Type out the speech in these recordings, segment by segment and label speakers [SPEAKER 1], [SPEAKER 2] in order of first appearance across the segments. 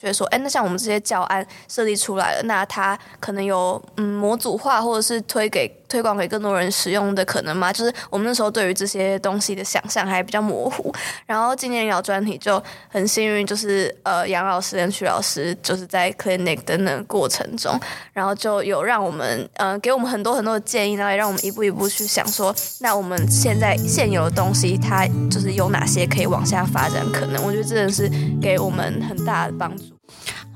[SPEAKER 1] 就是說，哎，那像我們這些教案設立出來了，那它可能有嗯，模組化，或者是推給推廣給更多人使用的可能嗎？就是我們那時候對於這些東西的想象還比較模糊。然後今年有專題就很幸運，就是呃楊老師跟曲老師就是在 clinic 等等過程中，然後就有讓我們呃給我們很多很多的建議，然後也讓我們一步一步去想說，那我們現在現有的東西它就是有哪些可以往下發展可能？我覺得真的是給我們很大的幫助。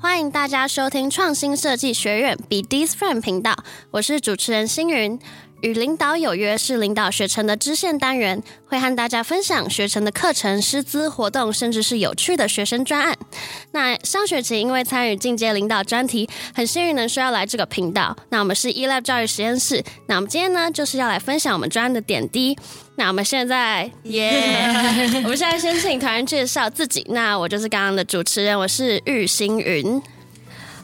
[SPEAKER 2] 歡迎大家收聽創新設計學院 B Design 頻道，我是主持人欣昀。與領導有約是領導學程的支線單元，會和大家分享學程的課程、師資、活動，甚至是有趣的學生專案。那上學期因為參與進階領導專題，很幸運能受邀來這個頻道。那我們是 E-Lab 教育實驗室。那我們今天呢，就是要來分享我們專案的點滴。那我們現在，耶、yeah！ 我們現在先請團員介紹自己。那我就是剛剛的主持人，我是郁欣昀。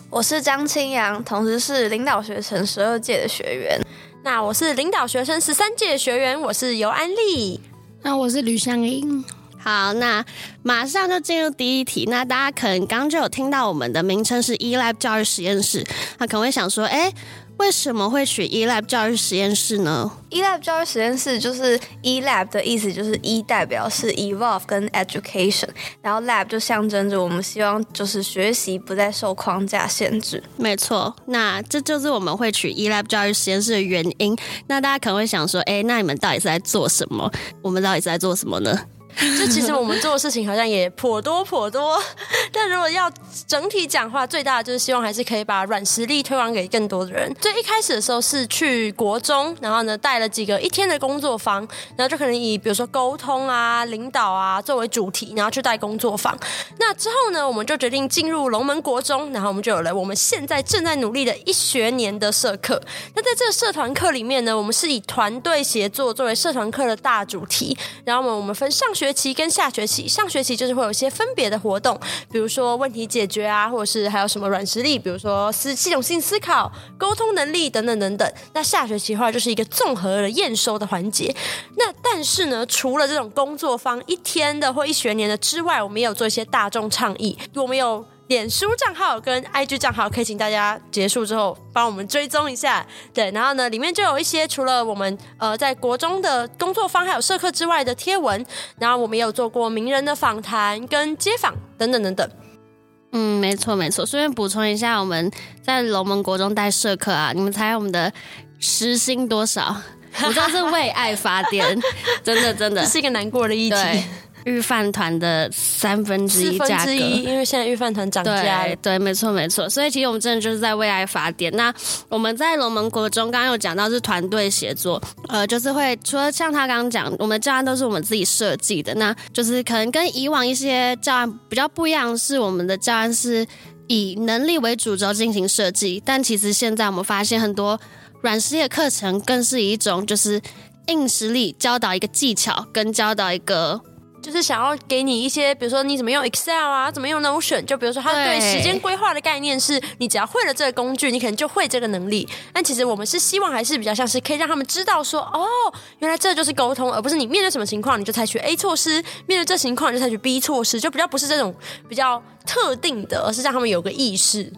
[SPEAKER 1] 我是張清陽，同時是領導學程十二屆的學
[SPEAKER 2] 員。那我是領導學程十三屆學員，我是尤安麗。那我是呂相英。好，那馬上就進入第一題。那大家可能剛就有聽到我們的名稱是 E-Lab 教育實驗室，那可能會想說，哎、欸。為什麼會取 E-Lab 教育實驗室呢
[SPEAKER 1] ？E-Lab 教育實驗室就是 E-Lab 的意思，就是 E 代表是 evolve 跟 education，然後 lab 就象徵着我們希望就是學習不再受框架限制。
[SPEAKER 2] 沒錯，那這就是我們會取 E-Lab 教育實驗室的原因。那大家可能會想說，哎、欸，那你們到底是在做什麼？我們到底是在做什麼呢？
[SPEAKER 3] 這 其實我們做的事情好像也頗多頗多，但如果要整體講話，最大的就是希望還是可以把軟實力推廣給更多的人。所以一開始的時候是去國中，然後呢帶了幾個一天的工作坊，然後就可能以比如說溝通啊、領導啊作為主題，然後去帶工作坊。那之後呢，我們就決定進入龍門國中，然後我們就有了我們現在正在努力的一學年的社課。那在這個社團課裡面呢，我們是以團隊協作作為社團課的大主題，然後我們我們分上學。學期跟下學期，上學期就是會有一些分別的活動，比如說問題解決啊，或者是還有什麼軟實力，比如說思系統性思考、溝通能力等等等等。那下學期的話，就是一個綜合的驗收的環節。那但是呢，除了這種工作坊一天的或一學年的之外，我們也有做一些大眾倡議，我們有。臉書賬號跟 IG 賬號可以，請大家結束之後幫我們追蹤一下。對，然後呢，裡面就有一些除了我們呃在國中的工作坊還有社課之外的貼文，然後我們也有做過名人的訪談跟街訪等等等等。
[SPEAKER 2] 嗯，沒錯沒錯。順便補充一下，我們在龍門國中帶社課啊，你們猜我們的時薪多少？我真的是為愛發電， 真的真的，這是一個難過的議題。御飯團的三分之一價格，三分之一，因為現在御飯團漲價。對，對，沒錯，沒錯。所以其實我們真的就是在為愛發電。那我們在龍門國中，剛剛有講到是團隊協作，呃，就是會除了像他剛剛講，我們的教案都是我們自己設計的。那就是可能跟以往一些教案比較不一樣，是我們的教案是以能力為主軸進行設計。但其實現在我們發現，很多軟實力的課程更是以一種就是硬實力教導一個技巧，跟教導一個。就是想要給你一些，比如說你怎麼用 Excel 啊，怎麼用 Notion，就比如說他對時
[SPEAKER 3] 間規劃的概念是，你只要會了這個工具，你可能就會這個能力。但其實我們是希望還是比較像是可以讓他們知道說，哦，原來這就是溝通，而不是你面對什麼情況你就採取 A 措施，面對這情況就採取 B 措施，就比較不是這種比較特定的，而是讓他們有個意識。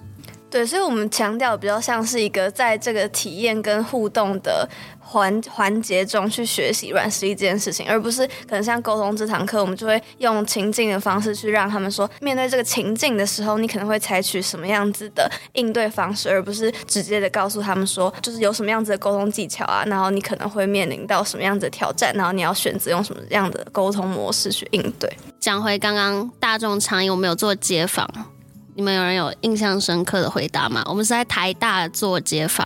[SPEAKER 1] 對，所以，我們強調比較像是一個在這個體驗跟互動的環環節中去學習軟實力這件事情，而不是可能像溝通這堂課，我們就會用情境的方式去讓他們說，面對這個情境的時候，你可能會採取什麼樣子的應對方式，而不是直接的告訴他們說，就是有什麼樣子的溝通技巧啊，然後你可能會面臨到什麼樣子的挑戰，然後你要選擇用什麼樣的溝通模式去應對。講回剛剛大眾場有沒有做街訪？你們
[SPEAKER 2] 有人有印象深刻的回答嗎？我們是在台大做街訪。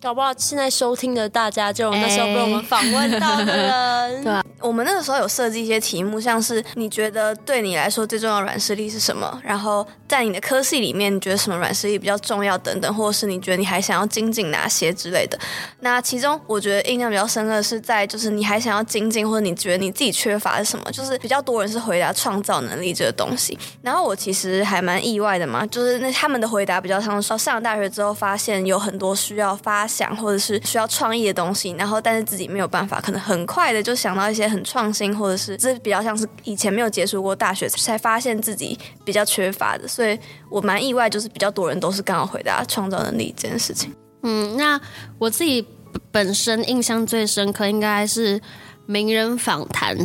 [SPEAKER 3] 搞不好現
[SPEAKER 1] 在收聽的大家，就那時候被我們訪問到的人。哎、 對、啊，我們那個時候有設計一些題目，像是你覺得對你來說最重要的軟實力是什麼？然後在你的科系裡面，你覺得什麼軟實力比較重要？等等，或者是你覺得你還想要精進哪些之類的？那其中我覺得印象比較深刻的是，在就是你還想要精進，或者你覺得你自己缺乏什麼？就是比較多人是回答創造能力這個東西。然後我其實還蠻意外的嘛，就是那他們的回答比較他們說上了大學之後發現有很多需要發。想或者是需要創意的東西，然後但是自己沒有辦法，可能很快的就想到一些很創新，或者是這比較像是以前沒有接觸過，大學才發現自己比較缺乏的，所以我蠻意外，就是比較多人都是剛好回答創造能力這件事情。嗯，那我自己
[SPEAKER 2] 本身印象最深刻應該是名人訪談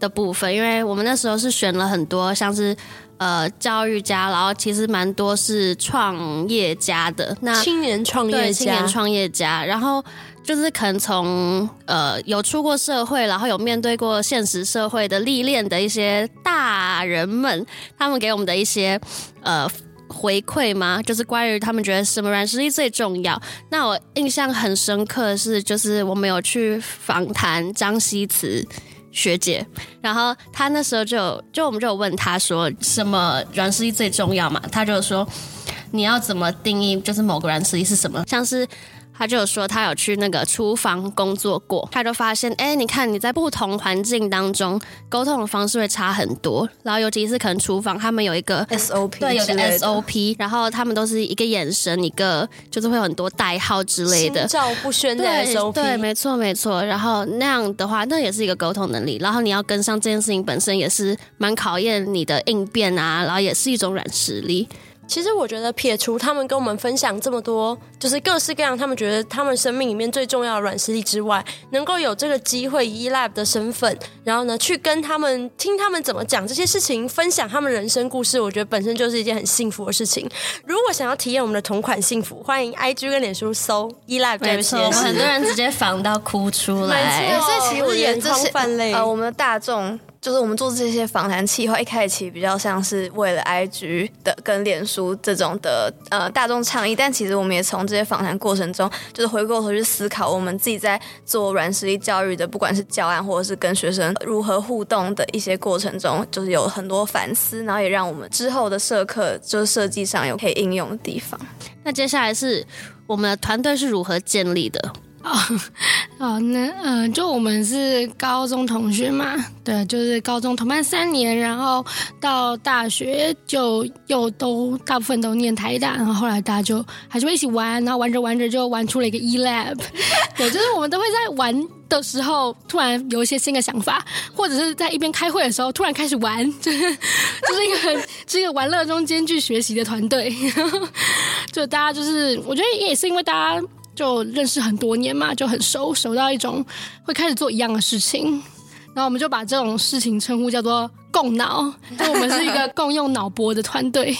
[SPEAKER 2] 的部分，因為我們那時候是選了很多像是。呃，教育家，然後其實蠻多是創業家的。那青年創業家，對，青年創業家。然後就是可能從呃有出過社會，然後有面對過現實社會的歷練的一些大人們，他們給我們的一些呃回饋嘛，就是關於他們覺得什麼軟實力最重要。那我印象很深刻的是，就是我們有去訪談張希慈學姐，然後她那時候就就我們就問她說，什麼軟實力最重要嘛？她就說，你要怎麼定義就是某個軟實力是什麼？像是。他就說，他有去那個廚房工作過，他就發現，哎，你看你在不同環境當中溝通的方式會差很多。然後尤其是可能廚房，他們有一個 SOP 對，有一個 SOP，然後他們都是一個眼神，一個就是會有很多代號之類的，心照不宣的 SOP。對，對，沒錯，沒錯。然後那樣的話，那也是一個溝通能力。然後你要跟上這件事情本身，也是蠻考驗你的應變啊，然後也是一種軟實力。
[SPEAKER 3] 其實我覺得，撇除他們跟我們
[SPEAKER 2] 分享這麼多，就是各式各樣他們覺得他們生命裡面
[SPEAKER 3] 最重要的軟實力之外，能夠有這個機會，E Lab 的身份，然後呢，去跟他們聽他們怎麼講這些事情，分享他們人生故事，我覺得本身就是一件很幸福的事情。如果想要體驗我們的同款幸福，歡迎 I G 跟臉書搜 E Lab 對不對。沒錯，很多人直
[SPEAKER 1] 接訪到哭出來。所以其實眼眶泛淚呃，我們的大眾。就是我們做這些訪談企劃，一開始其實比較像是為了 IG 的跟臉書這種的呃大眾倡議，但其實我們也從這些訪談過程中，就是回過頭去思考我們自己在做軟實力教育的，不管是教案或者是跟學生如何互動的一些過程中，就是有很多反思，然後也讓我們之後的社課就是設計上有可以應用的地方。那接下來是我們的團隊是如何建立的？
[SPEAKER 4] 哦，那嗯、呃、就我們是高中同學嘛，對，就是高中同班三年，然後到大學就又都大部分都念台大，然後後來大家就還是會一起玩，然後玩着玩着就玩出了一個 E-Lab，對， 就是我們都會在玩的時候突然有一些新的想法，或者是在一邊開會的時候突然開始玩，就是就是一個很、就是一個玩樂中兼具學習的團隊，就大家就是我覺得也是因為大家。就認識很多年嘛，就很熟，熟到一種會開始做一樣的事情，然後我們就把這種事情稱呼叫做“共腦”，就我們是一個共用腦波的團隊，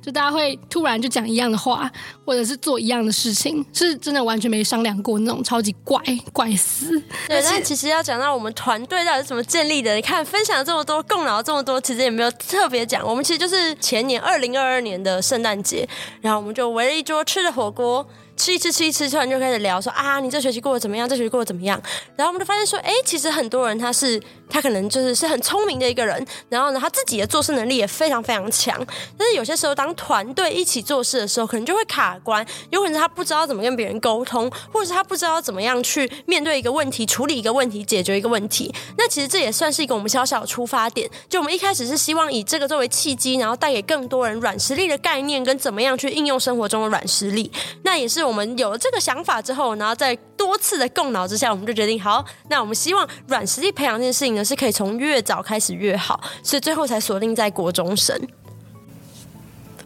[SPEAKER 4] 就大家會突然就講一樣的話，或者是做一樣的事情，是真的完全沒商量過那種超級怪怪事。對，但其實要講到我們團隊到底是怎麼建立的，你看
[SPEAKER 3] 分享了這麼多共腦這麼多，其實也沒有特別講，我們其實就是前年二零二二年的聖誕節，然後我們就圍了一桌吃的火鍋。吃一吃吃一吃，吃完就開始聊，說啊，你這學期過得怎麼樣？這學期過得怎麼樣？然後我們就發現說，哎，其實很多人他是他可能就是是很聰明的一個人，然後呢，他自己的做事能力也非常非常強，但是有些時候當團隊一起做事的時候，可能就會卡關，有可能是他不知道怎麼跟別人溝通，或者是他不知道怎麼樣去面對一個問題、處理一個問題、解決一個問題。那其實這也算是一個我們小小的出發點，就我們一開始是希望以這個作為契機，然後帶給更多人軟實力的概念跟怎麼樣去應用生活中的軟實力。那也是。我們有了這個想法之後，然後在多次的共腦之下，我們就決定好。那我們希望軟實力培養這件事情呢，是可以從越早開始越好，所以最後才鎖定在國中生。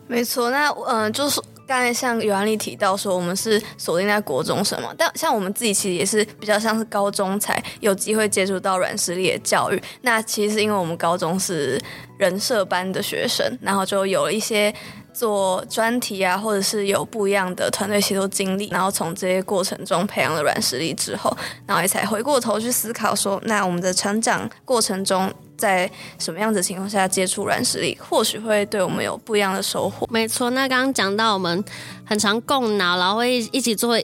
[SPEAKER 1] 沒錯，那嗯、呃，就是剛才像尤安麗提到說，我們是鎖定在國中生嘛。但像我們自己其實也是比較像是高中才有機會接觸到軟實力的教育。那其實是因為我們高中是人社班的學生，然後就有了一些。做專題啊，或者是有不一樣的團隊協作經歷，然後從這些過程中培養了軟實力之後，然後也才回過頭去思考說，那我們的成長過程中，在什麼樣子情況下接觸軟實力，或許會對我們有不一樣的收穫。沒錯，
[SPEAKER 2] 那剛剛講到我們很常共腦，然後會一起做。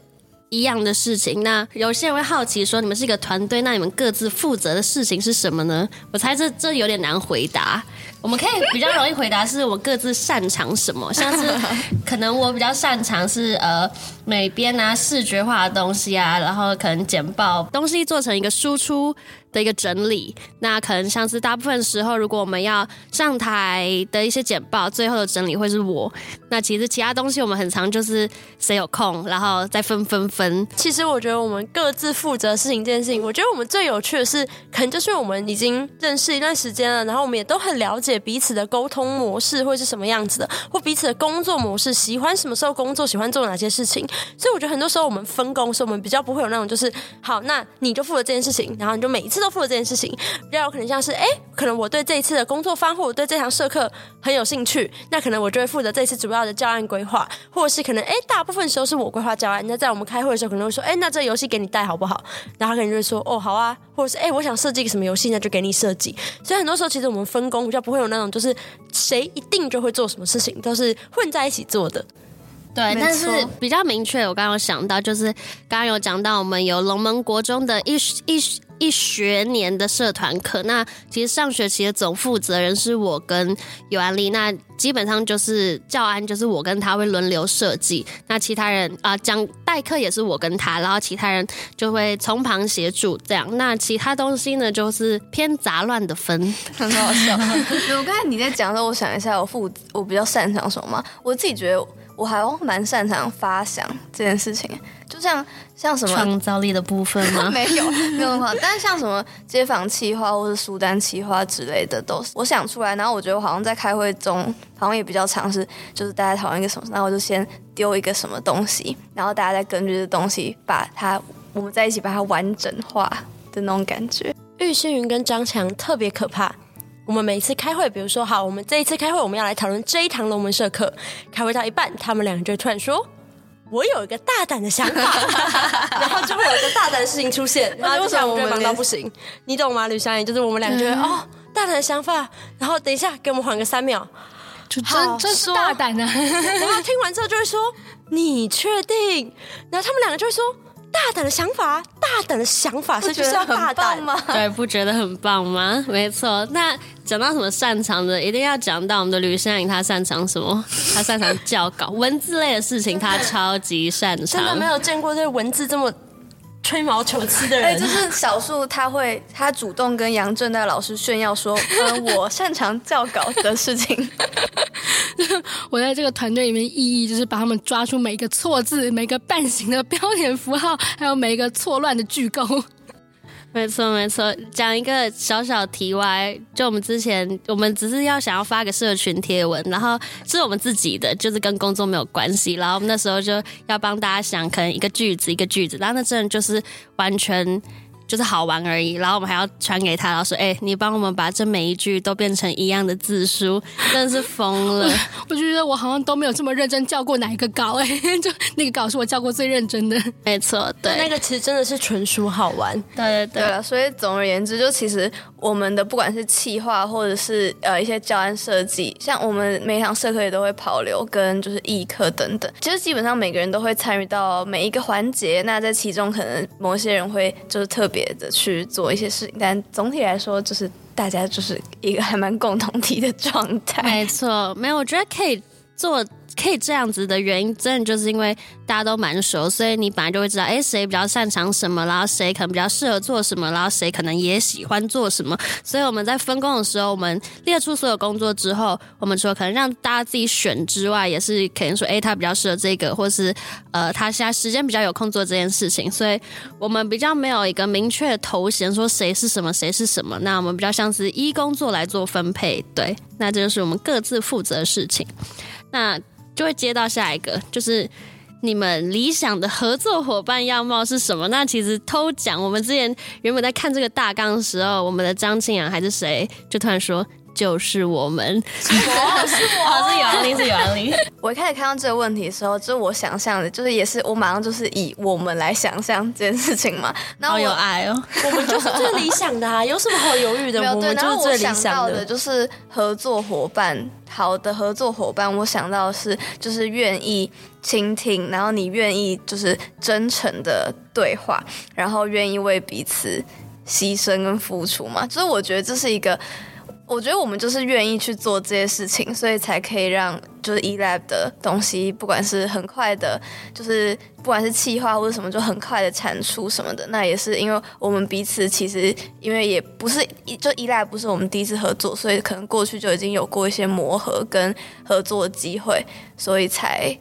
[SPEAKER 2] 一樣的事情，那有些人會好奇說，你們是一個團隊，那你們各自負責的事情是什麼呢？我猜這這有點難回答， 我們可以比較容易回答，是我各自擅長什麼，像是 可能我比較擅長是呃美編啊，視覺化的東西啊，然後可能簡報東西做成一個輸出。的一個整理，那可能像是大部分時候，如果我們要上台的一些簡報，最後的整理會是我。那其實其他東西我們很常就是誰有空，然後再分分分。其實我覺得我
[SPEAKER 3] 們各自負責事情這件事情，我覺得我們最有趣的是，可能就是我們已經認識一段時間了，然後我們也都很了解彼此的溝通模式會是什麼樣子的，或彼此的工作模式，喜歡什麼時候工作，喜歡做哪些事情。所以我覺得很多時候我們分工，所以我們比較不會有那種就是好，那你就負責這件事情，然後你就每一次都。負責這件事情，比較有可能像是哎，可能我對這一次的工作坊，或我對這堂社課很有興趣，那可能我就會負責這次主要的教案規劃，或者是可能哎，大部分時候是我規劃教案。那在我們開會的時候，可能會說哎，那這遊戲給你帶好不好？然後他可能就會說哦，好啊，或者是哎，我想設計一個什麼遊戲，那就給你設計。所以很多時候，其實我們分工比較不會有那種，就是誰一定就會做什麼事情，都是混在一起做的。
[SPEAKER 2] 對，但是比較明確，我剛剛有想到，就是剛剛有講到，我們有龍門國中的一一。一學年的社團課，那其實上學期的總負責人是我跟尤安利。那基本上就是教案，就是我跟他會輪流設計，那其他人啊講、呃、代課也是我跟他，然後其他人就會從旁協助這樣，那其他東西呢就是偏雜亂的分，
[SPEAKER 1] 很好笑。 欸、我剛才你在講的時候，我想一下我負我比較擅長什麼，我自己覺得我還蠻擅長發想這件事情，就像像什麼創造力的部分嗎？ 沒有，沒有那麼 但是像什麼街訪企劃或是書單企劃之類的都，都是我想出來。然後我覺得我好像在開會中，好像也比較嘗試，就是大家討論一個什麼，然後我就先丟一個什麼東西，然後大家再根據這個東西把它我們在一起把它完整化的那種感覺。郁欣昀跟張強特別可怕。
[SPEAKER 3] 我們每一次開會，比如說好，我們這一次開會，我們要來討論這一堂龍門社課。開會到一半，他們兩個就會突然說：“我有一個大膽的想法。 ”然後就會有一個大膽的事情出現。 然後為什麼我們會忙到不行？ 你懂嗎，呂湘怡？就是我們倆覺得哦，大膽的想法。然後等一下給我們緩個三秒，就真真是大膽啊！ 然後聽完之後就會說：“你確定？”然後他們兩個就會說。大膽的想法，大膽的想法，是就是要大膽嗎？對，
[SPEAKER 2] 不覺得很棒嗎？沒錯。那講到什麼擅長的，一定要講到我們的呂珊瑩，她擅長什麼？她擅長校稿， 文字類的事情的她超級擅長。真的沒有
[SPEAKER 1] 見過這文字這麼，吹毛求疵的人，哎，就是小樹，他會，他主動跟楊正大老師炫耀說：“嗯、呃，我擅長校稿的事情，
[SPEAKER 4] 我在這個團隊裡面意義就是把他們抓出每一個錯字，每個半形的標點符號，還有每一個錯亂的句構。”沒錯，沒錯。講一個小小題外，
[SPEAKER 2] 就我們之前，我們只是要想要發個社群貼文，然後是我們自己的，就是跟工作沒有關係。然後我們那時候就要幫大家想，可能一個句子一個句子。然後那陣就是完全。就是好玩而已，然後我們還要傳給他，然後說：“哎、欸，你幫我們把這每一句都變成一樣的字數，真的是瘋了。
[SPEAKER 4] ”我就覺得我好像都沒有這麼認真校過哪一個稿，哎，就那個稿是我校過最認真的。沒錯，對，那個其實
[SPEAKER 1] 真的是純屬好玩。對對對、對。所以總而言之，就其實我們的不管是企劃或者是呃一些教案設計，像我們每堂社課也都會跑流跟就是藝課等等，其實基本上每個人都會參與到每一個環節。那在其中，可能某些人會就是特別。別的去做一些事情，但總體來說，就是大家就是一個還蠻共同體的狀態。沒錯，沒有，我覺得可以做。可
[SPEAKER 2] 以這樣子的原因，真的就是因為大家都蠻熟，所以你本來就會知道，哎、欸，誰比較擅長什麼，然後誰可能比較適合做什麼，然後誰可能也喜歡做什麼。所以我們在分工的時候，我們列出所有工作之後，我們除了可能讓大家自己選之外，也是可能說，哎、欸，他比較適合這個，或是呃，他現在時間比較有空做這件事情。所以我們比較沒有一個明確的頭銜，說誰是什麼，誰是什麼。那我們比較像是一工作來做分配，對，那這就是我們各自負責的事情。那。就會接到下一個，就是你們理想的合作夥伴樣貌是什麼？那其實偷講，我們之前原本在看這個大綱的時候，我們的張慶陽還是誰，就突然說。就是我們，啊、
[SPEAKER 1] 是我、啊、是尤安、啊、是尤安、啊、我一開始看到這個問題的時候，就我想象的，就是也是我馬上就是以我們來想象這件事情嘛。然後我好有愛哦， 我們就是最理想的啊，有什麼好猶豫的嗎？ 沒有，對，然後我想到的。就是合作夥伴，好的合作夥伴，我想到的是就是願意傾聽，然後你願意就是真誠的對話，然後願意為彼此犧牲跟付出嘛。所以我覺得這是一個。我覺得我們就是願意去做這些事情，所以才可以讓就是 E-Lab 的東西，不管是很快的，就是不管是企劃或者什麼，就很快的產出什麼的，那也是因為我們彼此其實，因為也不是就 E-Lab，不是我們第一次合作，所以可能過去就已經有過一些磨合跟合作機會，所以才。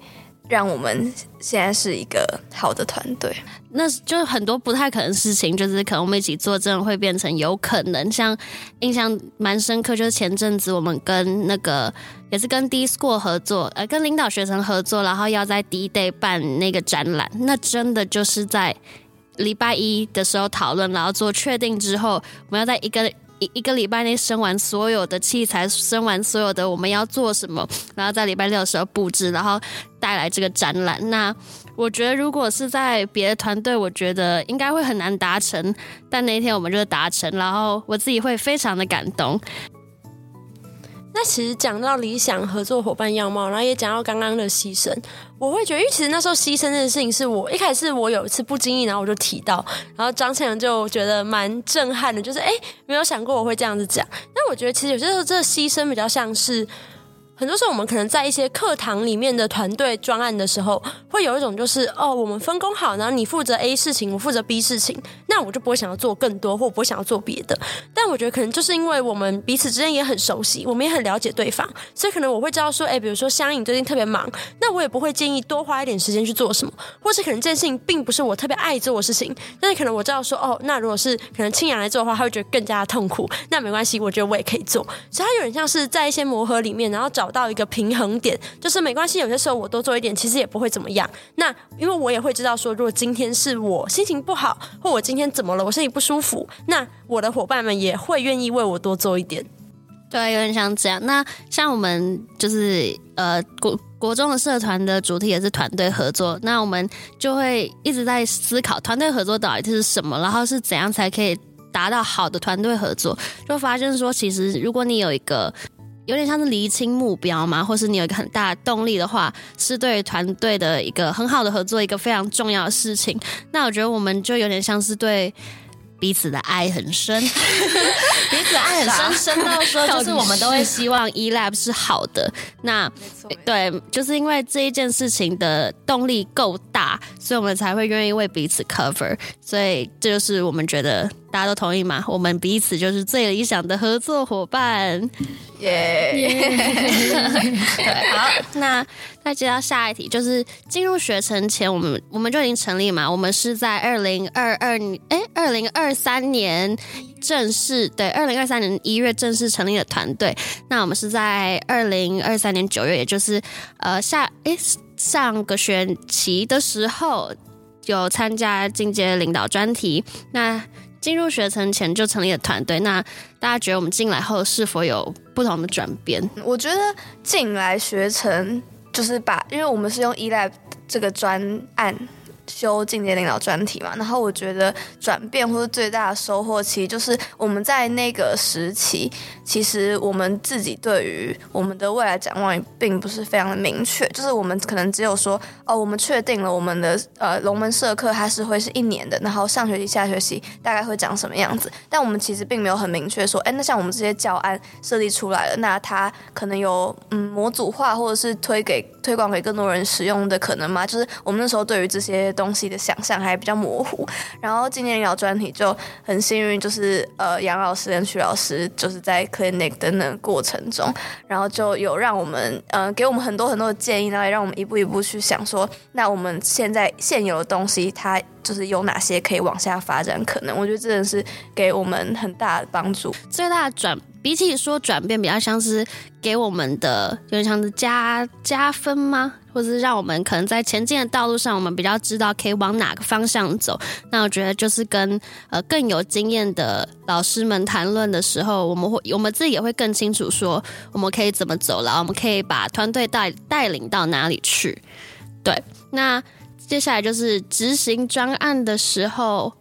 [SPEAKER 1] 讓我們現在是一個好的團隊，那就很
[SPEAKER 2] 多不太可能的事情，就是可能我們一起做，真的會變成有可能。像印象蠻深刻，就是前陣子我們跟那個也是跟 D-School 合作，呃，跟領導學程合作，然後要在 D-Day 辦那個展覽，那真的就是在禮拜一的時候討論，然後做確定之後，我們要在一個。一一個禮拜內生完所有的器材，生完所有的我們要做什麼，然後在禮拜六的時候佈置，然後帶來這個展覽。那我覺得如果是在別的團隊，我覺得應該會很難達成，但那一天我們就達成，然後我自己會非常的感動。
[SPEAKER 3] 那其實講到理想合作夥伴樣貌，然後也講到剛剛的犧牲，我會覺得，因為其實那時候犧牲這件事情，是我一開始我有一次不經意，然後我就提到，然後張強就覺得蠻震撼的，就是哎，沒有想過我會這樣子講。那我覺得其實有些時候這個犧牲比較像是。很多時候，我們可能在一些課堂裡面的團隊專案的時候，會有一種就是哦，我們分工好，然後你負責 A 事情，我負責 B 事情，那我就不會想要做更多，或我不會想要做別的。但我覺得可能就是因為我們彼此之間也很熟悉，我們也很了解對方，所以可能我會知道說，哎，比如說相應最近特別忙，那我也不會建議多花一點時間去做什麼，或是可能這件事情並不是我特別愛做的事情，但是可能我知道說，哦，那如果是可能親眼來做的話，他會覺得更加的痛苦，那沒關係，我覺得我也可以做，所以它有點像是在一些磨合裡面，然後找。找到一個平衡點，就是沒關係。有些時候我多做一點，其實也不會怎麼樣。那因為我也會知道說，說如果今天是我心情不好，或我今天怎麼了，我身體不舒服，那我的夥伴們也會願意為我多做一點。
[SPEAKER 2] 對，有點像這樣。那像我們就是呃，國國中的社團的主題也是團隊合作。那我們就會一直在思考團隊合作到底是什麼，然後是怎樣才可以達到好的團隊合作。就發現說，其實如果你有一個有點像是釐清目標嘛，或是你有一個很大的動力的話，是對團隊的一個很好的合作，一個非常重要的事情。那我覺得我們就有點像是對彼此的愛很深， 彼此愛很深， 深，深到說就是我們都會希望 E-Lab 是好的。那對，就是因為這一件事情的動力夠大，所以我們才會願意為彼此 cover。所以這就是我們覺得。大家都同意嘛？我們彼此就是最理想的合作夥伴，耶、
[SPEAKER 4] yeah. yeah. 好，
[SPEAKER 2] 那再接到下一題，就是進入學程前，我們我們就已經成立嘛。我們是在二零二二年、欸、二零二三年正式對，二零二三年一月正式成立的團隊。那我們是在二零二三年九月，也就是呃下、欸、上個學期的時候，有參加進階領導專題。那進入學程前就成立了團隊，那大家覺得我們進來後是否有不同的
[SPEAKER 1] 轉變？我覺得進來學程就是把，因為我們是用 E-Lab 這個專案。修進階領導專題嘛，然後我覺得轉變或是最大的收穫，其實就是我們在那個時期，其實我們自己對於我們的未來展望也並不是非常的明確，就是我們可能只有說，哦，我們確定了我們的呃龍門社課它是會是一年的，然後上學期、下學期大概會講什麼樣子，但我們其實並沒有很明確說，哎、欸，那像我們這些教案設立出來了，那它可能有嗯模組化或者是推給。推廣給更多人使用的可能嗎？就是我們那時候對於這些東西的想象還比較模糊。然後今年要專題就很幸運，就是呃楊老師跟徐老師就是在 clinic 等的那個過程中，然後就有讓我們呃給我們很多很多的建議，然後也讓我們一步一步去想說，那我們現在現有的東西它就是有哪些可以往下發展，可能我覺得真的是給我們很大的幫助。最大的轉，比起
[SPEAKER 2] 說轉變，比較像是給我們的有點像是加加分嗎？或者是讓我們可能在前進的道路上，我們比較知道可以往哪個方向走。那我覺得就是跟呃更有經驗的老師們談論的時候，我們會我們自己也會更清楚說我們可以怎麼走了，我們可以把團隊帶帶領到哪裡去。對，那。接下來就是執行專案的時候，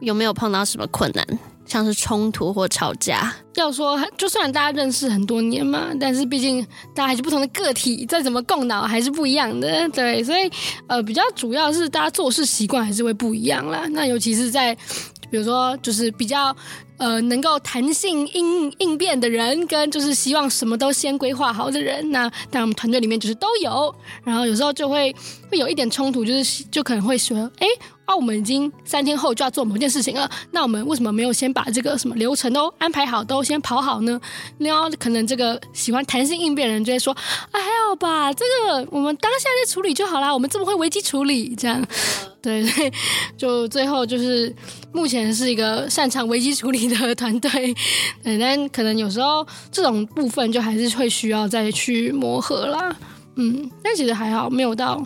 [SPEAKER 2] 有沒有碰到什麼困難，像是衝突或吵架？
[SPEAKER 4] 要說，就算大家認識很多年嘛，但是畢竟大家還是不同的個體，再怎麼共腦還是不一樣的。對，所以呃，比較主要是大家做事習慣還是會不一樣啦。那尤其是在比如說，就是比較呃能夠彈性應應變的人，跟就是希望什麼都先規劃好的人，那但我們團隊裡面就是都有，然後有時候就會。會有一點衝突，就是就可能會說，哎，啊，我們已經三天後就要做某件事情了，那我們為什麼沒有先把這個什麼流程都安排好，都先跑好呢？然後可能這個喜歡彈性應變的人就會說，啊，還好吧，這個我們當下再處理就好啦。我們這麼會危機處理，這樣，對，就最後就是目前是一個擅長危機處理的團隊，對，但可能有時候這種部分就還是會需要再去磨合啦，嗯，但其實還好，沒有到。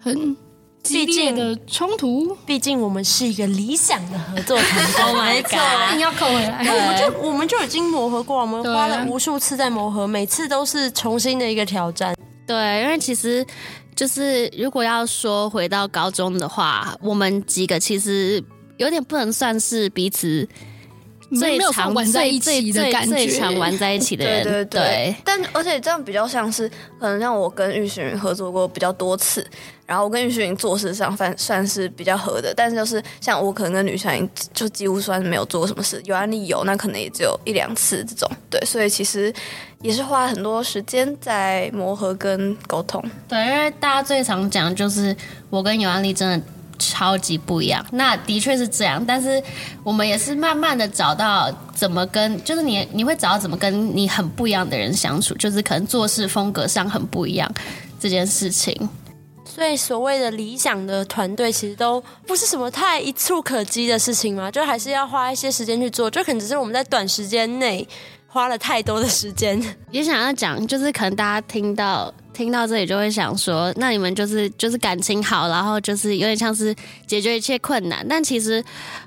[SPEAKER 4] 很激烈的衝突，畢，畢竟我們
[SPEAKER 3] 是一個理想的合作團隊，沒 錯 My God，一定要扣回來。我們就我們就已經磨合過，我們花了無
[SPEAKER 2] 數次在磨合，每次都是重新的一個挑戰。對，因為其實就是如果要說回到高中的話，我們幾個其實有點不能算是彼此。最常玩在一起的感覺，最最常玩在一起
[SPEAKER 1] 的 對，對對對。但而且這樣比較像是，可能像我跟玉雪云合作過比較多次，然後我跟玉雪云做事上算算是比較合的。但是就是像我可能跟女小云就幾乎算是沒有做過什麼事，有安麗有那可能也只有一兩次這種。對，所以其實也是花了很多時間在磨合跟溝通。
[SPEAKER 2] 對，因為大家最常講就是我跟有安麗真的。超級不一樣，那的確是這樣。但是我們也是慢慢的找到怎麼跟，就是你你會找到怎麼跟你很不一樣的人相處，就是可能做事風格上很不一樣這件事情。
[SPEAKER 3] 所以所謂的理想的團隊，其實都不是什麼太一蹴可幾的事情嘛，就還是要花一些時間去做。就可能只是我們在短時間內
[SPEAKER 2] 花了太多的時間。也想要講，就是可能大家聽到。聽到這裡就會想說，那你們就是就是感情好，然後就是有點像是解決一切困難。但其實，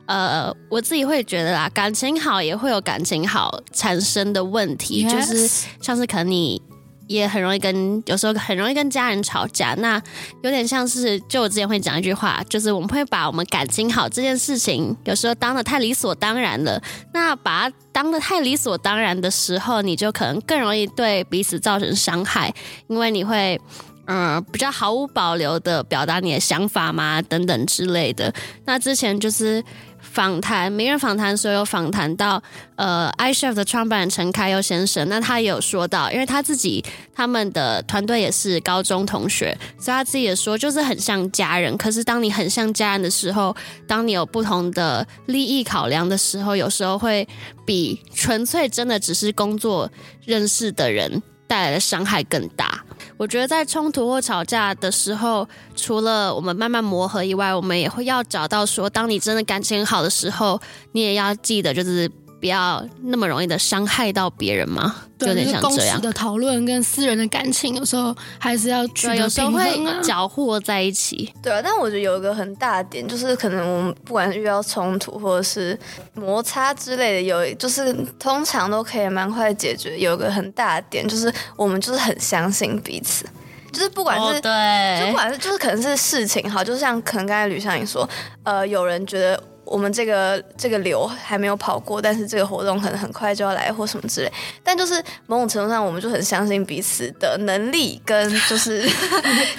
[SPEAKER 2] 呃，我自己會覺得啦，感情好也會有感情好產生的問題，Yes. 就是像是可能你。也很容易跟有時候很容易跟家人吵架，那有點像是就我之前會講一句話，就是我們會把我們感情好這件事情有時候當得太理所當然了，那把它當得太理所當然的時候，你就可能更容易對彼此造成傷害，因為你會嗯、呃、比較毫無保留地表達你的想法嘛等等之類的，那之前就是。訪談，名人訪談，所有訪談到呃 iCHEF 的創辦人程開佑先生，那他也有說到，因為他自己他們的團隊也是高中同學，所以他自己也說，就是很像家人。可是當你很像家人的時候，當你有不同的利益考量的時候，有時候會比純粹真的只是工作認識的人帶來的傷害更大。我覺得在衝突或吵架的時候，除了我們慢慢磨合以外，我們也會要找到說，當你真的感情很好的時候，你也要記得就是。不要那麼容易的傷害到別人嗎？對，就有點像這樣的，公司的
[SPEAKER 4] 討論跟私人的感情，有時候還是要取得平衡啊，有時候會攪和在一起。
[SPEAKER 1] 對啊，但我覺得有一個很大的點，就是可能我們不管是遇到衝突或者是摩擦之類的，有就是通常都可以蠻快解決。有一個很大的點，就是我們就是很相信彼此，就是不管是、哦、對，就不管是就是可能是事情好，就像可能剛才呂尚穎說，呃，有人覺得。我們這個這個流還沒有跑過，但是這個活動可能很快就要來或什麼之類。但就是某種程度上，我們就很相信彼此的能力，跟就是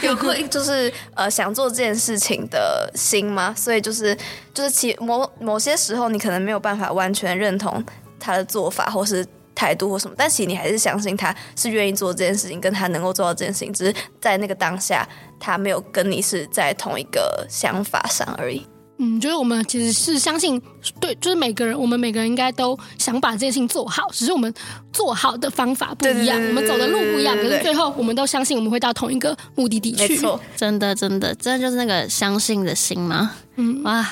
[SPEAKER 1] 有過，就是呃想做這件事情的心嘛。所以就是就是其某某些時候，你可能沒有辦法完全認同他的做法或是態度或什麼，但其實你還是相信他是願意做這件事情，跟他能夠做到這件事情，只是在那個當下他沒有跟你是在同一個想法上而已。
[SPEAKER 4] 嗯，就是我們其實是相信，對，就是每個人，我們每個人應該都想把這件事情做好，只是我們做好的方法不一樣，我們走的路不一樣，可是最後我們都相信我們會到同一個目的地去。沒錯，
[SPEAKER 2] 真的，真的，真的就是那個相信的心嗎？嗯，哇，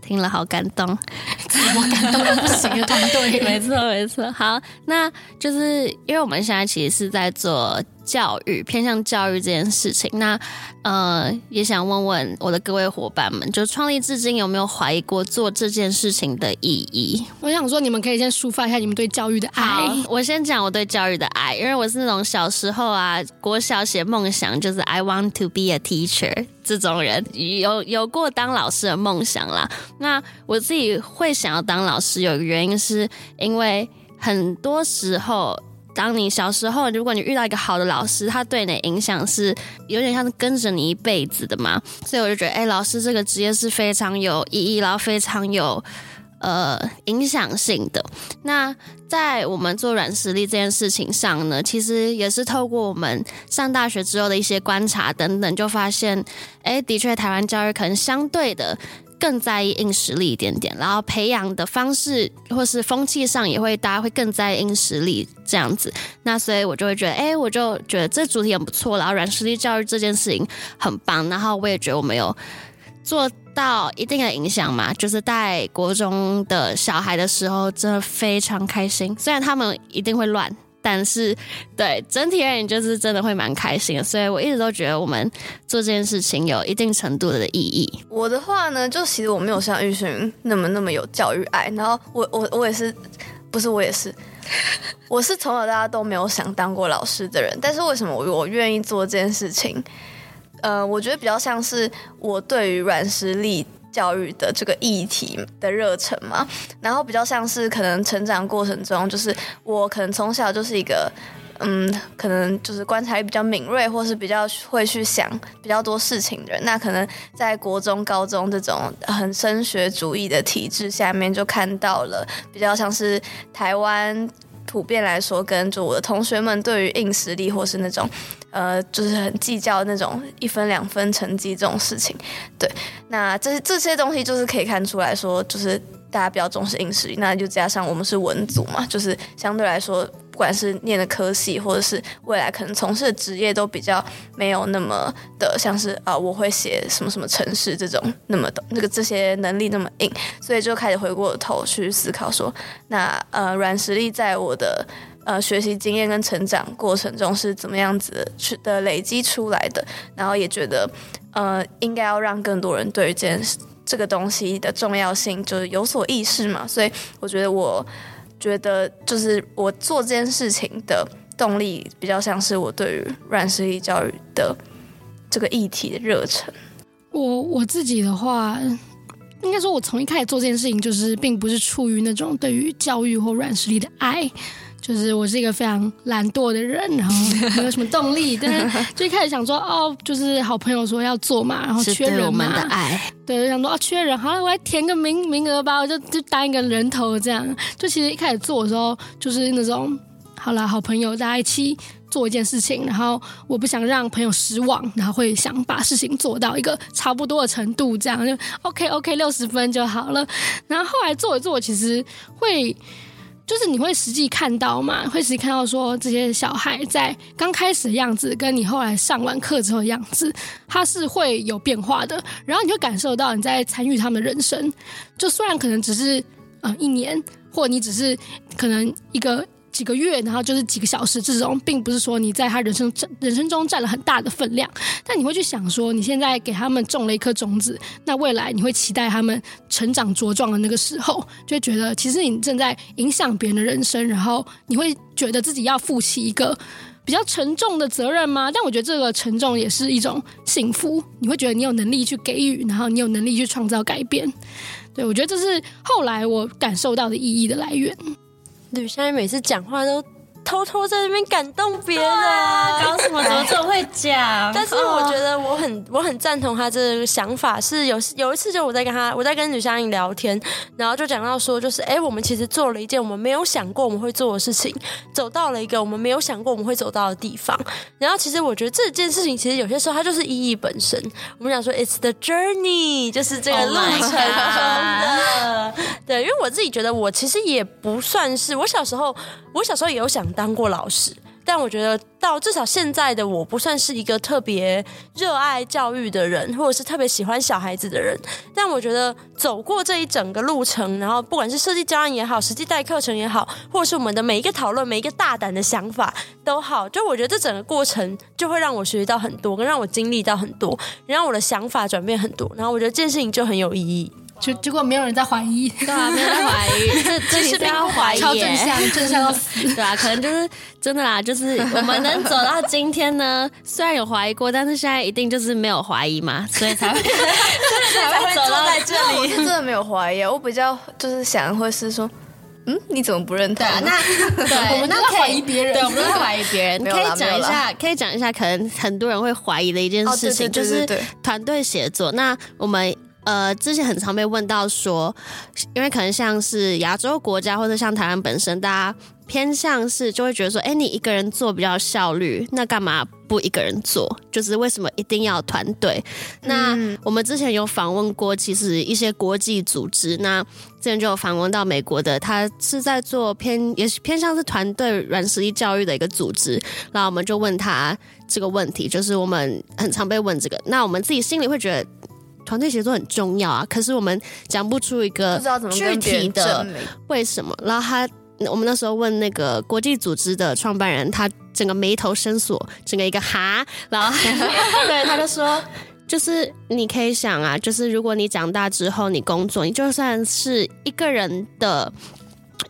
[SPEAKER 2] 聽了好感動，我感動的不行，啊，團隊。 沒錯，沒錯。好，那就是因為我們現在其實是在做。教育偏向教育這件事情，那呃，也想問問我的各位夥伴們，就創立至今有沒有懷疑
[SPEAKER 4] 過做這件事情的意義？我想說，你們可以先抒發一下你們對教育的愛。
[SPEAKER 2] 我先講我對教育的愛，因為我是那種小時候啊，國小寫夢想，就是 I want to be a teacher 這種人，有有過當老師的夢想啦。那我自己會想要當老師，有一個原因是因為很多時候。當你小時候，如果你遇到一個好的老師，他對你的影響是有點像是跟着你一輩子的嘛。所以我就覺得，哎、欸，老師這個職業是非常有意義，然後非常有呃影響性的。那在我們做軟實力這件事情上呢，其實也是透過我們上大學之後的一些觀察等等，就發現，哎、欸，的確，台灣教育可能相對的。更在意硬實力一點點，然後培養的方式或是風氣上也會，大家會更在意硬實力這樣子。那所以我就會覺得，哎、欸，我就覺得這主題很不錯，然後軟實力教育這件事情很棒。然後我也覺得我沒有做到一定的影響嘛，就是帶國中的小孩的時候，真的非常開心，雖然他們一定會亂。但是，對整體而言，就是真的會蠻開心的，所以我一直都覺得我們做這件事情有一定程度的意義。
[SPEAKER 1] 我的話呢，就其實我沒有像玉璇那麼那麼有教育愛，然後我我我也是，不是我也是，我是從小大家都沒有想當過老師的人，但是為什麼我願意做這件事情？呃，我覺得比較像是我對於軟實力。教育的這個議題的熱忱嘛，然後比較像是可能成長過程中，就是我可能從小就是一個，嗯，可能就是觀察力比較敏銳，或是比較會去想比較多事情的人。那可能在國中、高中這種很升學主義的體制下面，就看到了比較像是台灣普遍來說，跟着我的同學們對於硬實力或是那種。呃，就是很計較那種一分兩分成績這種事情，對。那這些這些東西就是可以看出來說，就是大家比較重視硬實力。那就加上我們是文組嘛，就是相對來說，不管是念的科系，或者是未來可能從事的職業，都比較沒有那麼的像是啊、呃，我會寫什麼什麼程式，這種那麼的這、那個這些能力那麼硬。所以就開始回過頭去思考說，那呃，軟實力在我的。呃，學習經驗跟成長過程中是怎麼樣子去的累積出來的，然後也覺得，呃，應該要讓更多人對於這件事這個東西的重要性就是有所意識嘛。所以我覺得我，我覺得就是我做這件事情的動力，比較像是我對於軟實力教育的這個議題的熱忱。
[SPEAKER 4] 我我自己的話，應該說，我從一開始做這件事情，就是並不是出於那種對於教育或軟實力的愛。就是我是一個非常懶惰的人，然後沒有什麼動力， 但是最開始想說哦，就是好朋友說要做嘛，然後缺人嘛，是的，我們的愛，對，就想說啊，哦，缺人，好了，我來填個名名額吧，我就就當一個人頭這樣。就其實一開始做的時候，就是那種，好了，好朋友在一起做一件事情，然後我不想讓朋友失望，然後會想把事情做到一個差不多的程度，這樣就 OK OK 六十分就好了。然後後來做一做，其實會。就是你會實際看到嘛，會實際看到說，這些小孩在剛開始的樣子，跟你後來上完課之後的樣子，他是會有變化的。然後你會感受到你在參與他們的人生，就雖然可能只是呃一年，或你只是可能一個。幾個月，然後就是幾個小時之中，並不是說你在他人生人生中占了很大的分量，但你會去想說，你現在給他們種了一顆種子，那未來你會期待他們成長茁壯的那個時候，就會覺得其實你正在影響別人的人生，然後你會覺得自己要負起一個比較沉重的責任嗎？但我覺得這個沉重也是一種幸福。你會覺得你有能力去給予，然後你有能力去創造改變，對，我覺得這是後來我感受到的意義的來源。對，現在每次講話
[SPEAKER 3] 都。偷偷在那邊感動別人，啊，搞什麼？怎麼這麼會講？但是我覺得我很、哦、我很贊同他這個想法。是有有一次，就我在跟他，我在跟女湘穎聊天，然後就講到說，就是哎、欸，我們其實做了一件我們沒有想過我們會做的事情，走到了一個我們沒有想過我們會走到的地方。然後，其實我覺得這件事情，其實有些時候它就是意義本身。我們想說，it's the journey，就是這個路程、oh、God, 對，因為我自己覺得，我其實也不算是。我小時候，我小時候也有想。當過老師，但我覺得到至少現在的我不算是一個特別熱愛教育的人，或者是特別喜歡小孩子的人。但我覺得走過這一整個路程，然後不管是設計教案也好，實際帶課程也好，或者是我們的每一個討論、每一個大膽的想法都好，就我覺得這整個過程就會讓我學習到很多，跟讓我經歷到很多，讓我的想法轉變很多。然後我覺得這件事情就很有意義。就，結果沒
[SPEAKER 2] 有人在懷疑，對啊，沒有在懷疑，這 這是非常懷疑，真、就、相、是，真相。對啊，可能就是真的啦，就是我們能走到今天呢， 雖然有懷疑過，但是現在一定就是沒有懷疑嘛，所以才
[SPEAKER 1] 會 才會走到這裡， 在這裡我真的沒有懷疑，我比較就是想，或是說，嗯，你怎麼不認同對、啊？那我們都在懷疑別人，對，我們都在懷疑別人。你 可以講一下，可以講一,一下，可能很多人會懷疑的一
[SPEAKER 2] 件事情，哦、對對對對，就是團隊協作。那我們。呃，之前很常被問到說，因為可能像是亞洲國家或者像台灣本身，大家偏向是就會覺得說，哎、欸，你一個人做比較效率，那幹嘛不一個人做？就是為什麼一定要團隊？那、嗯、我們之前有訪問過，其實一些國際組織，那之前就有訪問到美國的，他是在做偏也是偏向是團隊軟實力教育的一個組織，然後我們就問他這個問題，就是我們很常被問這個，那我們自己心裡會覺得。團隊協作很重要啊，可是我們講不出一個具體的為什麼。然後他，我們那時候問那個國際組織的創辦人，他整個眉頭深鎖，整個一個哈，然後他 對，他就說，就是你可以想啊，就是如果你長大之後你工作，你就算是一個人的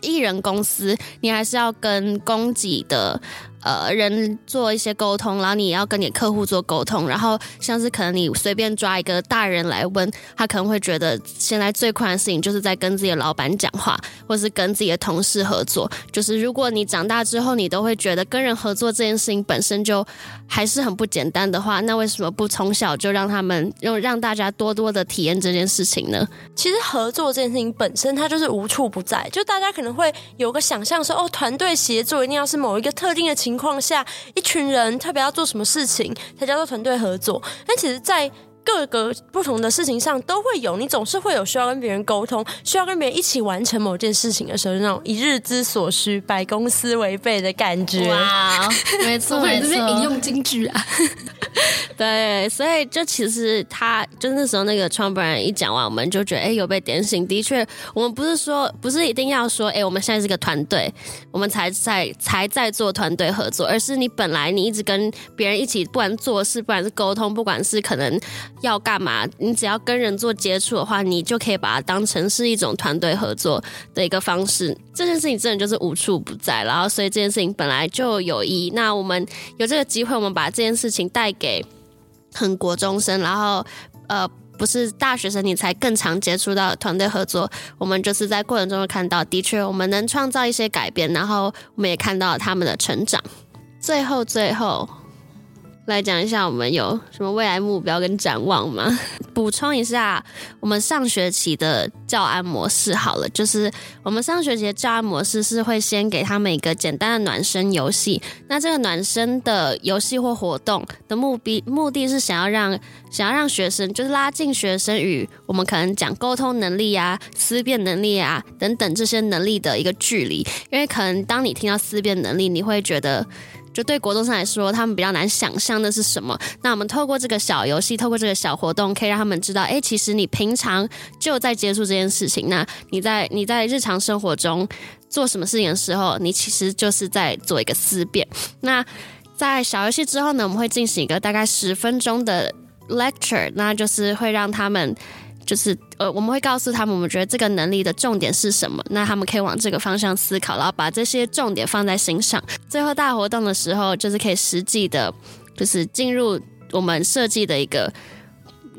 [SPEAKER 2] 一人公司，你還是要跟供給的。呃，人做一些溝通，然後，你也要跟你客戶做溝通，然後像是可能你隨便抓一個大人來問，他可能會覺得，現在最快的事情就是在跟自己的老板講話，或是跟自己的同事合作。就是如果你長大之後，你都會覺得跟人合作這件事情本身就。還是很不簡單的話，那為什麼不從小就讓他們用讓大家多多的體驗這件事情呢？其實合
[SPEAKER 3] 作這件事情本身，它就是無處不在。就大家可能會有個想象說，哦，團隊協作一定要是某一個特定的情況下，一群人特別要做什麼事情才叫做團隊合作。但其實，在各個不同的事情上都會有，你總是會有需要跟別人溝通，需要跟別人一起完成某件事情的時候，那種一日之所需，百工斯為
[SPEAKER 2] 備的感
[SPEAKER 4] 覺。Wow,
[SPEAKER 2] 沒
[SPEAKER 3] 錯，沒錯。你是引用
[SPEAKER 4] 京劇啊？
[SPEAKER 2] 對，所以就其實他，就那時候那個創辦人一講完，我們就覺得，哎、欸，有被點醒。的確，我們不是說，不是一定要說，哎、欸，我們現在是個團隊，我們才在才,才在做團隊合作，而是你本來你一直跟別人一起，不管做事，不管是溝通，不管是可能。要幹嘛？你只要跟人做接觸的話，你就可以把它當成是一種團隊合作的一個方式。這件事情真的就是無處不在，然後所以這件事情本來就有意義。那我們有這個機會，我們把這件事情帶給很多國中生，然後呃，不是大學生，你才更常接觸到團隊合作。我們就是在過程中看到，的確我們能創造一些改變，然後我們也看到了他們的成長。最後，最後。來講一下我們有什麼未來目標跟展望嗎？補充一下我們上學期的教案模式好了，就是我們上學期的教案模式是會先給他們一個簡單的暖身遊戲。那這個暖身的遊戲或活動的目的，目的是想要讓想要讓學生就是拉近學生與我們可能講溝通能力呀、啊、思辨能力啊等等這些能力的一個距離，因為可能當你聽到思辨能力，你會覺得。對國中生來說，他們比較難想象那是什麼。那我們透過這個小遊戲，透過這個小活動，可以讓他們知道，哎，其實你平常就在接觸這件事情。那你在你在日常生活中做什麼事情的時候，你其實就是在做一個思辨。那在小遊戲之後呢，我們會進行一個大概十分鐘的 lecture，那就是會讓他們。就是呃，我們會告訴他們，我們覺得這個能力的重點是什麼，那他們可以往這個方向思考，然後把這些重點放在心上。最後大活動的時候，就是可以實際的，就是進入我們設計的一個。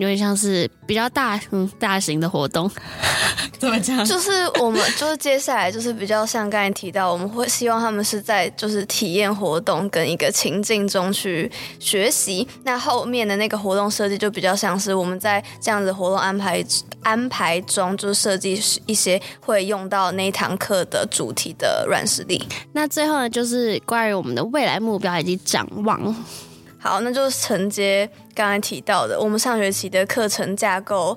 [SPEAKER 2] 有點像是比較大，嗯，大型的活動，
[SPEAKER 1] 怎麼講？就是我們就是接下來就是比較像剛才提到，我們會希望他們是在就是體驗活動跟一個情境中去學習。那後面的那個活動設計就比較像是我們在這樣子活動安排安排中，就是設計一些會用到那一堂課的主題的軟實力。那最後呢，就是關於我們的未來目標以及展望。好，那就是承接剛才提到的，我們上學期的課程架構。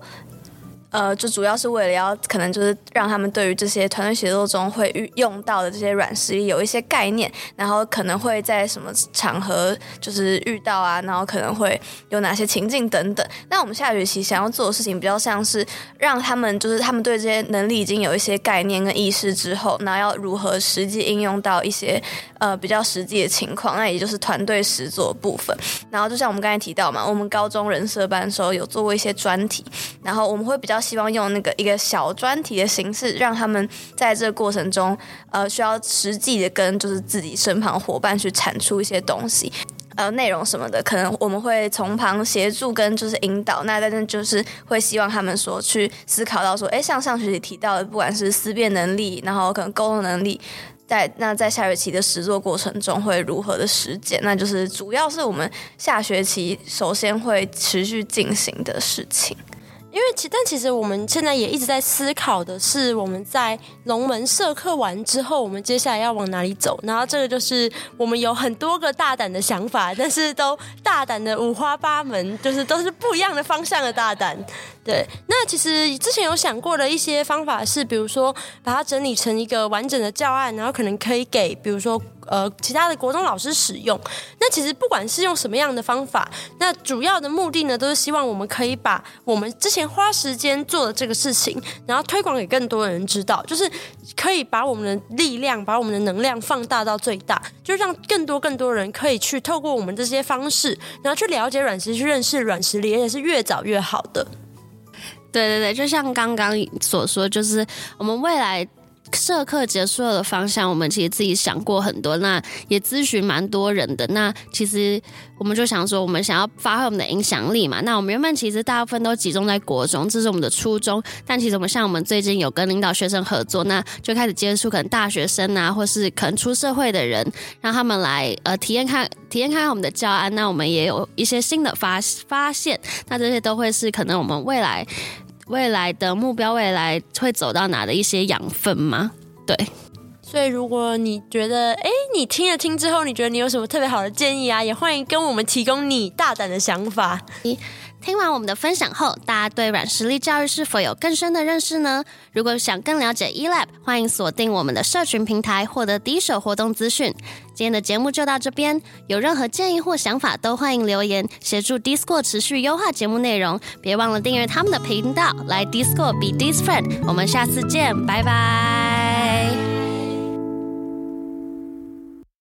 [SPEAKER 1] 呃，就主要是為了要可能就是讓他們對於這些團隊協作中會用到的這些軟實力有一些概念，然後可能會在什麼場合就是遇到啊，然後可能會有哪些情境等等。那我們下學期想要做的事情比較像是讓他們就是他們對這些能力已經有一些概念跟意識之後，那要如何實際應用到一些呃比較實際的情況，那也就是團隊實作部分。然後就像我們剛才提到嘛，我們高中人社班的時候有做過一些專題，然後我們會比較。希望用那個一個小專題的形式，讓他們在這個過程中，呃，需要實際的跟就是自己身旁的夥伴去產出一些東西，呃，內容什麼的，可能我們會從旁協助跟就是引導。那但是就是會希望他們說去思考到說，哎，像上學期提到的，不管是思辨能力，然後可能溝通能力，在那在下學期的實作過程中會如何的實踐？那就是主要是我們下學期首先會持續進行的事情。
[SPEAKER 3] 因為其但其實我們現在也一直在思考的是，我們在龍門社課完之後，我們接下來要往哪裡走？然後這個就是我們有很多個大膽的想法，但是都大膽的五花八門，就是都是不一樣的方向的大膽。對，那其實之前有想過的一些方法是，比如說把它整理成一個完整的教案，然後可能可以給，比如說呃其他的國中老師使用。那其實不管是用什麼樣的方法，那主要的目的呢，都是希望我們可以把我們之前花時間做的這個事情，然後推廣給更多的人知道，就是可以把我們的力量、把我們的能量放大到最大，就讓更多更多人可以去透過我們這些方式，然後去了解軟實力，去認
[SPEAKER 2] 識軟實力，而且是越早越好的。對對對，就像剛剛所說，就是我們未來社課結束的方向，我們其實自己想過很多，那也諮詢蠻多人的。那其實我們就想說，我們想要發揮我們的影響力嘛。那我們原本其實大部分都集中在國中，這是我們的初衷。但其實我們像我們最近有跟領導學生合作，那就開始接觸可能大學生啊，或是可能出社會的人，讓他們來呃體驗看體驗看看我們的教案。那我們也有一些新的發發現，那這些都會是可能我們未來未來的目標，未來會走到哪的一些養分嗎？對。
[SPEAKER 3] 所以如果你覺得，哎，你聽了聽之後，你覺得你有什麼特別好的建議啊，也歡迎跟我們提供你大膽的想法。
[SPEAKER 2] 聽完我們的分享後，大家對軟實力教育是否有更深的認識呢？如果想更了解 E-Lab，歡迎鎖定我們的社群平台，獲得第一手活動資訊。今天的節目就到這邊，有任何建議或想法都歡迎留言，協助 D-School 持續優化節目內容。別忘了訂閱他們的頻道，來 D-School be this friend，我們下次見，拜拜。